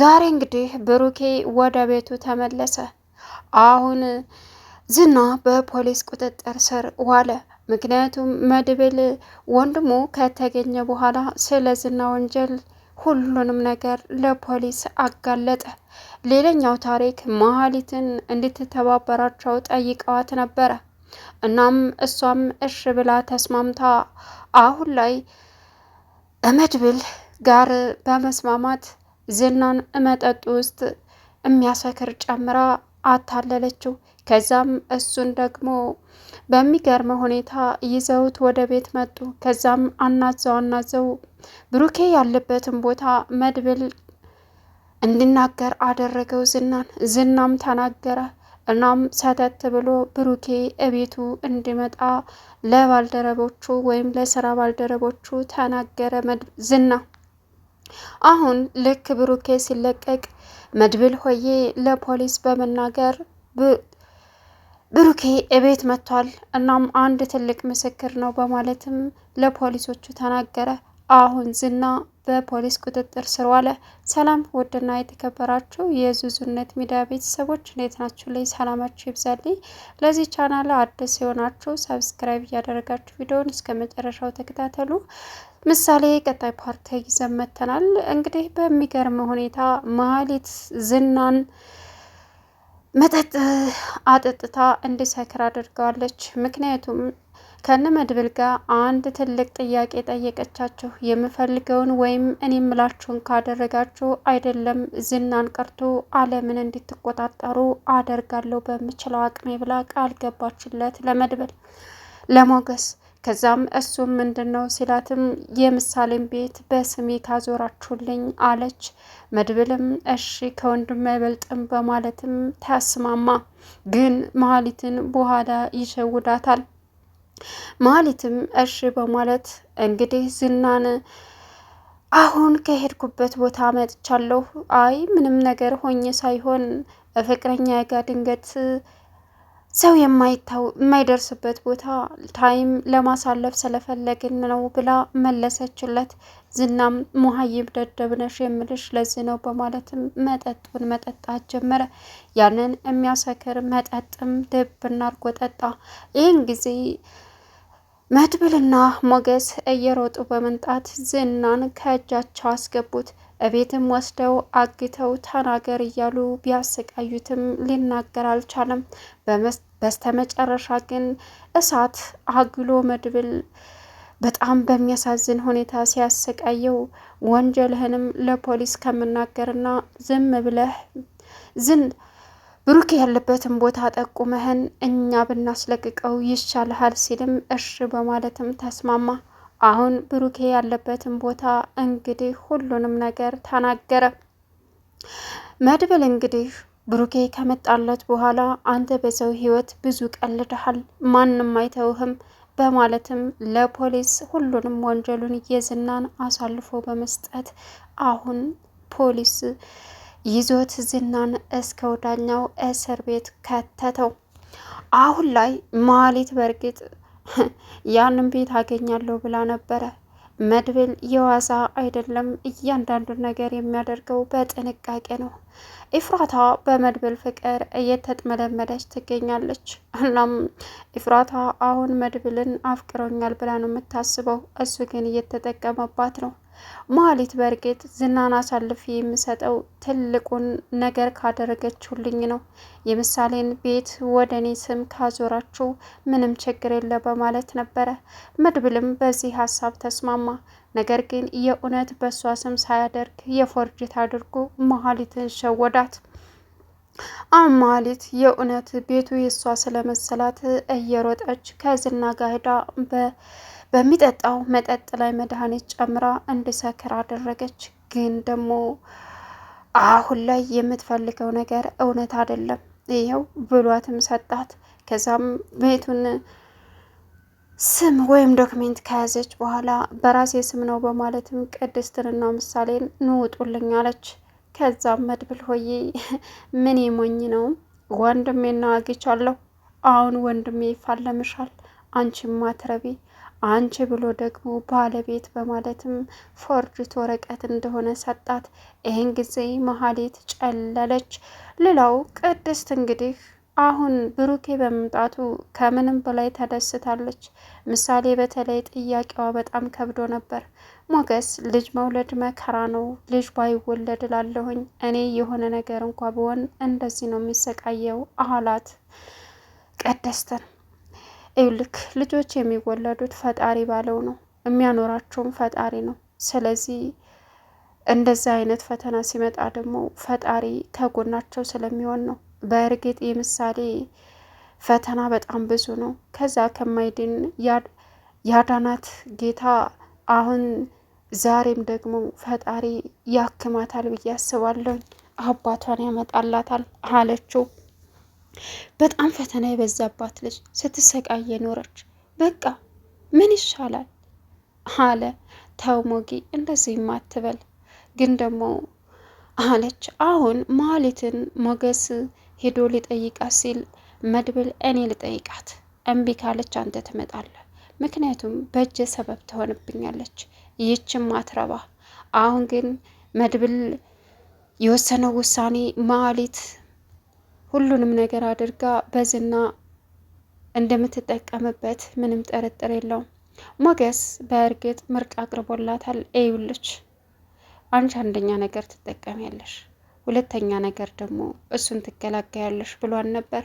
ዛሬ እንግዲህ ብሩኬ ወደ ቤቱ ተመለሰ። አሁን ዝና በፖሊስ ቁጥጥር ስር ዋለ። ምክንያቱም መድብል ወንድሙ ከተገኘ በኋላ ስለ ዝና ወንጀል ሁሉንም ነገር ለፖሊስ አጋለጠ። ሌላኛው ታሪክ መሀሊትን እንድትተባበራቸው ጠይቀዋት ነበረ። እናም እሷም እሽ ብላ ተስማምታ አሁን ላይ በመድብል ጋር በመስማማት ዝናን መጠጡ ውስጥ የሚያሰክር ጨምራ አታለለችው። ከዛም እሱን ደግሞ በሚገርመ ሁኔታ ይዘውት ወደ ቤት መጡ። ከዛም አናዘው አናዘው ብሩኬ ያለበትን ቦታ መድብል እንዲናገር አደረገው ዝናን። ዝናም ተናገረ። እናም ሰተት ብሎ ብሩኬ እቤቱ እንዲመጣ ለባልደረቦቹ ወይም ለስራ ባልደረቦቹ ተናገረ ዝና አሁን ልክ ብሩኬ ሲለቀቅ መድብል ሆዬ ለፖሊስ በመናገር ብሩኬ እቤት መጥቷል፣ እናም አንድ ትልቅ ምስክር ነው በማለትም ለፖሊሶቹ ተናገረ። አሁን ዝና በፖሊስ ቁጥጥር ስር ዋለ። ሰላም ውድና የተከበራችሁ የዙዙነት ሚዲያ ቤተሰቦች እንዴት ናችሁ? ላይ ሰላማችሁ ይብዛልኝ። ለዚህ ቻናል አዲስ የሆናችሁ ሰብስክራይብ እያደረጋችሁ ቪዲዮውን እስከ መጨረሻው ተከታተሉ። ምሳሌ ቀጣይ ፓርቲ መተናል። እንግዲህ በሚገርም ሁኔታ መሀሊት ዝናን መጠጥ አጠጥታ እንዲሰክር አድርገዋለች። ምክንያቱም ከነ መድብል ጋር አንድ ትልቅ ጥያቄ ጠየቀቻቸው። የምፈልገውን ወይም እኔ ምላችሁን ካደረጋችሁ አይደለም ዝናን ቀርቶ ዓለምን እንድትቆጣጠሩ አደርጋለሁ በምችለው አቅሜ ብላ ቃል ገባችለት ለመድብል ለሞገስ ከዛም እሱም ምንድን ነው ሲላትም የምሳሌን ቤት በስሜ ካዞራችሁልኝ አለች። መድብልም እሺ ከወንድም አይበልጥም በማለትም ተስማማ። ግን መሀሊትን በኋላ ይሸውዳታል። መሀሊትም እሺ በማለት እንግዲህ ዝናን አሁን ከሄድኩበት ቦታ መጥቻለሁ። አይ ምንም ነገር ሆኜ ሳይሆን ፍቅረኛ ጋ ድንገት ሰው የማይደርስበት ቦታ ታይም ለማሳለፍ ስለፈለግን ነው ብላ መለሰችለት። ዝናም ሙሀይብ ደደብነሽ የምልሽ ለዚህ ነው በማለትም መጠጡን መጠጣት ጀመረ። ያንን የሚያሰክር መጠጥም ድብ እናርጎ ጠጣ። ይህን ጊዜ መድብልና ሞገስ እየሮጡ በመምጣት ዝናን ከእጃቸው አስገቡት። እቤትም ወስደው አግተው ተናገር እያሉ ቢያሰቃዩትም ሊናገር አልቻለም። በስተመጨረሻ ግን እሳት አግሎ መድብል በጣም በሚያሳዝን ሁኔታ ሲያሰቃየው ወንጀልህንም ለፖሊስ ከምናገርና ዝም ብለህ ዝን ብሩክ ያለበትን ቦታ ጠቁመህን እኛ ብናስለቅቀው ይሻልሃል ሲልም እሺ በማለትም ተስማማ። አሁን ብሩኬ ያለበትን ቦታ እንግዲህ ሁሉንም ነገር ተናገረ። መድብል እንግዲህ ብሩኬ ከመጣለት በኋላ አንተ በሰው ህይወት ብዙ ቀልድሃል፣ ማንም አይተውህም በማለትም ለፖሊስ ሁሉንም ወንጀሉን የዝናን አሳልፎ በመስጠት አሁን ፖሊስ ይዞት ዝናን እስከ ወዳኛው እስር ቤት ከተተው። አሁን ላይ ማሊት በእርግጥ ያንን ቤት አገኛለሁ ብላ ነበረ። መድብል የዋዛ አይደለም፣ እያንዳንዱን ነገር የሚያደርገው በጥንቃቄ ነው። ኢፍራታ በመድብል ፍቅር እየተጥመለመለች ትገኛለች። እናም ኢፍራታ አሁን መድብልን አፍቅሮኛል ብላ ነው የምታስበው። እሱ ግን እየተጠቀመባት ነው። ማሊት በእርግጥ ዝናን አሳልፌ የምሰጠው ትልቁን ነገር ካደረገችሁልኝ ነው። የምሳሌን ቤት ወደ እኔ ስም ካዞራችሁ ምንም ችግር የለ በማለት ነበረ። መድብልም በዚህ ሀሳብ ተስማማ። ነገር ግን የእውነት በእሷ ስም ሳያደርግ የፎርጅት አድርጎ መሀሊትን ሸወዳት። አሁን ማህሌት የእውነት ቤቱ የእሷ ስለመሰላት እየሮጠች ከዝና ጋር ሄዳ በ በሚጠጣው መጠጥ ላይ መድኃኒት ጨምራ እንዲሰክር አደረገች። ግን ደግሞ አሁን ላይ የምትፈልገው ነገር እውነት አይደለም። ይኸው ብሏትም ሰጣት። ከዛም ቤቱን ስም ወይም ዶክሜንት ከያዘች በኋላ በራሴ ስም ነው በማለትም ቅድስትንና ምሳሌን ንውጡልኝ አለች። ከዛም መድብል ሆዬ ምን የሞኝ ነው ወንድሜ ናግቻለሁ። አሁን ወንድሜ ይፋለምሻል አንቺ ማትረቤ አንቺ ብሎ ደግሞ ባለቤት በማለትም ፎርጅት ወረቀት እንደሆነ ሰጣት። ይህን ጊዜ መሀሌት ጨለለች። ሌላው ቅድስት እንግዲህ አሁን ብሩኬ በመምጣቱ ከምንም በላይ ተደስታለች። ምሳሌ በተለይ ጥያቄዋ በጣም ከብዶ ነበር። ሞገስ ልጅ መውለድ መከራ ነው፣ ልጅ ባይወለድ ላለሁኝ እኔ የሆነ ነገር እንኳ ብሆን እንደዚህ ነው የሚሰቃየው አላት ቅድስትን ይልክ ልጆች የሚወለዱት ፈጣሪ ባለው ነው፣ የሚያኖራቸውም ፈጣሪ ነው። ስለዚህ እንደዛ አይነት ፈተና ሲመጣ ደግሞ ፈጣሪ ከጎናቸው ስለሚሆን ነው። በእርግጥ የምሳሌ ፈተና በጣም ብዙ ነው። ከዛ ከማይድን ያዳናት ጌታ አሁን ዛሬም ደግሞ ፈጣሪ ያክማታል ብዬ አስባለሁ። አባቷን ያመጣላታል አለችው። በጣም ፈተና የበዛባት ልጅ ስትሰቃይ የኖረች በቃ ምን ይሻላል አለ። ተው ሞጌ እንደዚህ አትበል ግን ደግሞ አለች። አሁን ማሊትን ሞገስ ሄዶ ሊጠይቃት ሲል መድብል እኔ ልጠይቃት እምቢ ካለች አንተ ትመጣለህ፣ ምክንያቱም በእጀ ሰበብ ትሆንብኛለች ይህችም አትረባ። አሁን ግን መድብል የወሰነው ውሳኔ ማሊት ሁሉንም ነገር አድርጋ በዝና እንደምትጠቀምበት ምንም ጥርጥር የለውም። ሞገስ በእርግጥ ምርጫ አቅርቦላታል። እዩልሽ አንቺ አንደኛ ነገር ትጠቀሚያለሽ፣ ሁለተኛ ነገር ደግሞ እሱን ትገላገያለሽ ብሏን ነበር።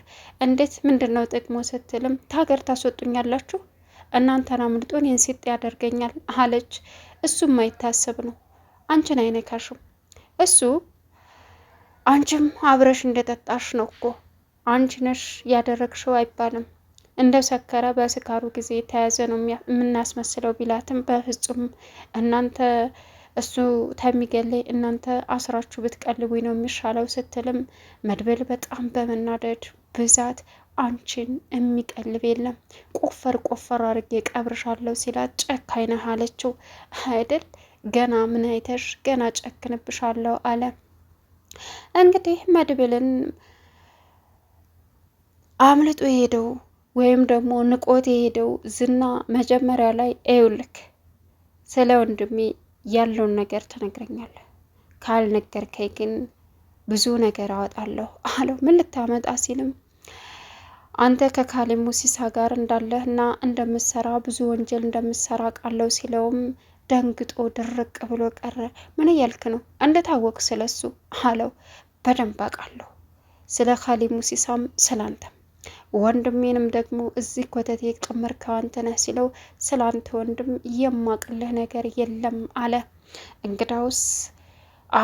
እንዴት ምንድን ነው ጥቅሞ ስትልም ታገር ታስወጡኛላችሁ፣ እናንተን አምልጦ እኔን ሲጥ ያደርገኛል አለች። እሱም ማይታሰብ ነው፣ አንቺን አይነካሽም እሱ አንቺም አብረሽ እንደጠጣሽ ነው እኮ አንቺ ነሽ ያደረግሽው አይባልም። እንደ ሰከረ በስካሩ ጊዜ የተያዘ ነው የምናስመስለው ቢላትም በፍጹም እናንተ እሱ ተሚገለይ እናንተ አስራችሁ ብትቀልቡ ነው የሚሻለው ስትልም መድብል በጣም በመናደድ ብዛት አንቺን የሚቀልብ የለም ቆፈር ቆፈር አድርጌ ቀብርሻለሁ ሲላት ጨካኝ ነህ አለችው። አይደል ገና ምን አይተሽ ገና ጨክንብሻለሁ አለ። እንግዲህ መድብልን አምልጦ የሄደው ወይም ደግሞ ንቆት የሄደው ዝና መጀመሪያ ላይ ኤውልክ ስለ ወንድሜ ያለውን ነገር ትነግረኛለህ፣ ካልነገርከኝ ግን ብዙ ነገር አወጣለሁ አለው። ምን ልታመጣ ሲልም አንተ ከካሌ ሙሲሳ ጋር እንዳለህ እና እንደምሰራ ብዙ ወንጀል እንደምሰራ ቃለው ሲለውም ደንግጦ ድርቅ ብሎ ቀረ። ምን እያልክ ነው? እንደታወቅ ስለሱ አለው። በደንብ አውቃለሁ ስለ ካሊብ ሙሲሳም ስላንተም ወንድሜንም ደግሞ እዚህ ኮተቴ ቅምር ከአንተ ነህ ሲለው አንተ ወንድም የማቅልህ ነገር የለም አለ። እንግዳውስ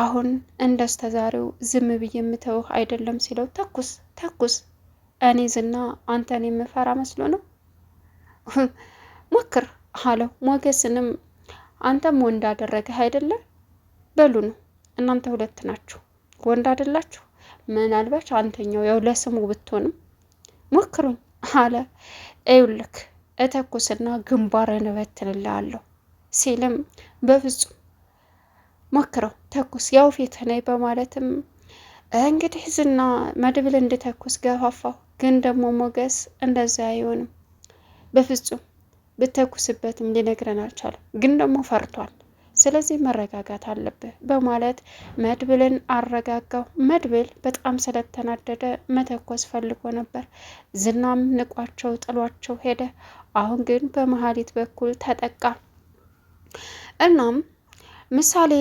አሁን እንደስተዛሬው ዝም ብዬ የምተውህ አይደለም ሲለው ተኩስ ተኩስ። እኔ ዝና አንተን የምፈራ መስሎ ነው? ሞክር አለው። ሞገስንም አንተም ወንድ አደረገህ አይደለ? በሉ ነው እናንተ ሁለት ናችሁ፣ ወንድ አይደላችሁ። ምናልባች አንተኛው ያው ለስሙ ብትሆንም ሞክሩኝ አለ። እዩልክ እተኩስና ግንባርን እበትንልሃለሁ ሲልም በፍጹም ሞክረው ተኩስ ያው ፊት ነይ በማለትም እንግዲህ ዝና መድብል እንድተኩስ ገፋፋው። ግን ደግሞ ሞገስ እንደዚያ አይሆንም በፍጹም ብተኩስበትም ሊነግረን አልቻለም። ግን ደግሞ ፈርቷል። ስለዚህ መረጋጋት አለብህ በማለት መድብልን አረጋጋው። መድብል በጣም ስለተናደደ መተኮስ ፈልጎ ነበር። ዝናም ንቋቸው ጥሏቸው ሄደ። አሁን ግን በመሀሊት በኩል ተጠቃ። እናም ምሳሌ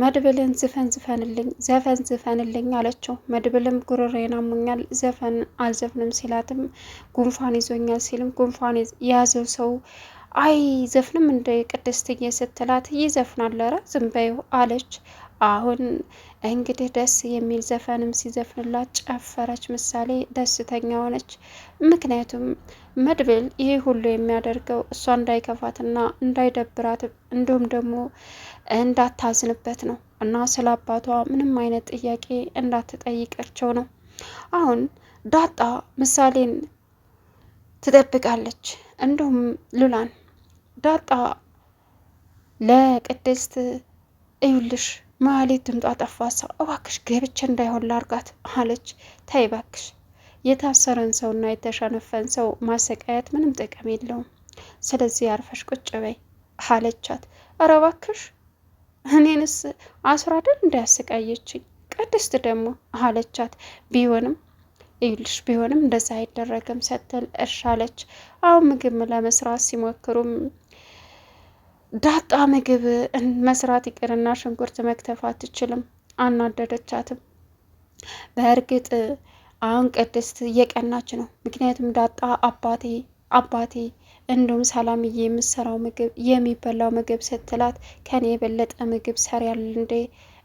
መድብልን ዝፈን ዝፈንልኝ ዘፈን ዝፈንልኝ አለችው። መድብልም ጉሮሬን አሞኛል ዘፈን አልዘፍንም ሲላትም ጉንፋን ይዞኛል ሲልም ጉንፋን የያዘው ሰው አይ ዘፍንም እንደ ቅድስትዬ ስትላት ይዘፍናል ኧረ ዝም በይው አለች። አሁን እንግዲህ ደስ የሚል ዘፈንም ሲዘፍንላት ጨፈረች። ምሳሌ ደስተኛ ሆነች። ምክንያቱም መድብል ይህ ሁሉ የሚያደርገው እሷ እንዳይከፋትና እንዳይደብራት እንዲሁም ደግሞ እንዳታዝንበት ነው እና ስለ አባቷ ምንም አይነት ጥያቄ እንዳትጠይቀቸው ነው። አሁን ዳጣ ምሳሌን ትጠብቃለች፣ እንዲሁም ሉላን ዳጣ ለቅድስት እዩልሽ መሀሌት ድምጧ ጠፋ። ሰው እባክሽ ገብቼ እንዳይሆን ላርጋት አለች። ተይ እባክሽ የታሰረን ሰውና የተሸነፈን ሰው ማሰቃየት ምንም ጥቅም የለውም። ስለዚህ አርፈሽ ቁጭ በይ አለቻት። እረ እባክሽ እኔንስ አስራደን እንዳያሰቃየች እንዳያሰቃየችኝ ቅድስት ደግሞ አለቻት። ቢሆንም ይልሽ ቢሆንም እንደዛ አይደረግም ስትል እርሻለች። አሁን ምግብ ለመስራት ሲሞክሩም ዳጣ ምግብ መስራት ይቅርና ሽንኩርት መክተፍ አትችልም። አናደደቻትም። በእርግጥ አሁን ቅድስት እየቀናች ነው። ምክንያቱም ዳጣ አባቴ አባቴ እንዲሁም ሰላምዬ የምሰራው ምግብ የሚበላው ምግብ ስትላት ከኔ የበለጠ ምግብ ሰሪ ያለ እንዴ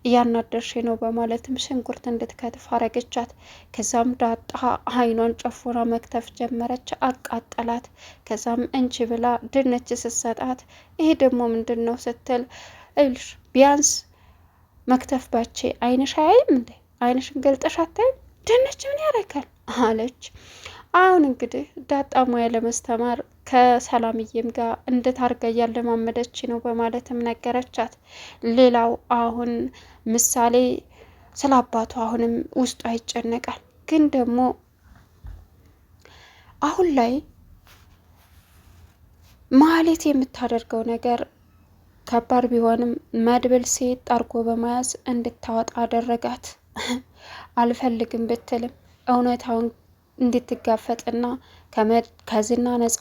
እያናደርሽ ነው በማለትም ሽንኩርት እንድትከትፍ አረገቻት። ከዛም ዳጣ አይኗን ጨፉራ መክተፍ ጀመረች፣ አቃጠላት። ከዛም እንቺ ብላ ድንች ስትሰጣት ይሄ ደግሞ ምንድን ነው ስትል እልሽ ቢያንስ መክተፍ ባቼ አይንሽ አያይም እንዴ? አይንሽን ገልጠሽ አታይም? ድንች ምን ያረካል አለች። አሁን እንግዲህ ዳጣ ሙያ ለመስተማር ከሰላምዬም ጋር እንዴት አድርጋ እያለማመደች ነው በማለትም ነገረቻት። ሌላው አሁን ምሳሌ ስለ አባቱ አሁንም ውስጧ ይጨነቃል። ግን ደግሞ አሁን ላይ ማህሌት የምታደርገው ነገር ከባድ ቢሆንም መድብል ሴት ጣርጎ በመያዝ እንድታወጣ አደረጋት። አልፈልግም ብትልም እውነታውን እንድትጋፈጥና ከዝና ነፃ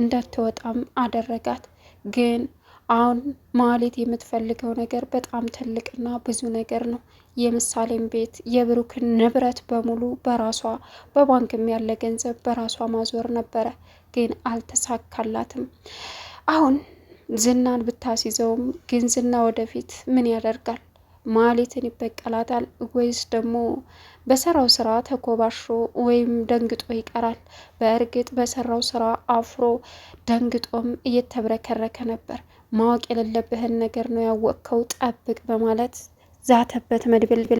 እንዳትወጣም አደረጋት። ግን አሁን ማሌት የምትፈልገው ነገር በጣም ትልቅና ብዙ ነገር ነው። የምሳሌን ቤት፣ የብሩክን ንብረት በሙሉ በራሷ በባንክም ያለ ገንዘብ በራሷ ማዞር ነበረ፣ ግን አልተሳካላትም። አሁን ዝናን ብታስይዘውም ግን ዝና ወደፊት ምን ያደርጋል? ማሌትን ይበቀላታል ወይስ ደግሞ በሰራው ስራ ተኮባሾ ወይም ደንግጦ ይቀራል? በእርግጥ በሰራው ስራ አፍሮ ደንግጦም እየተብረከረከ ነበር። ማወቅ የሌለብህን ነገር ነው ያወቅከው፣ ጠብቅ በማለት ዛተበት መድብልብል።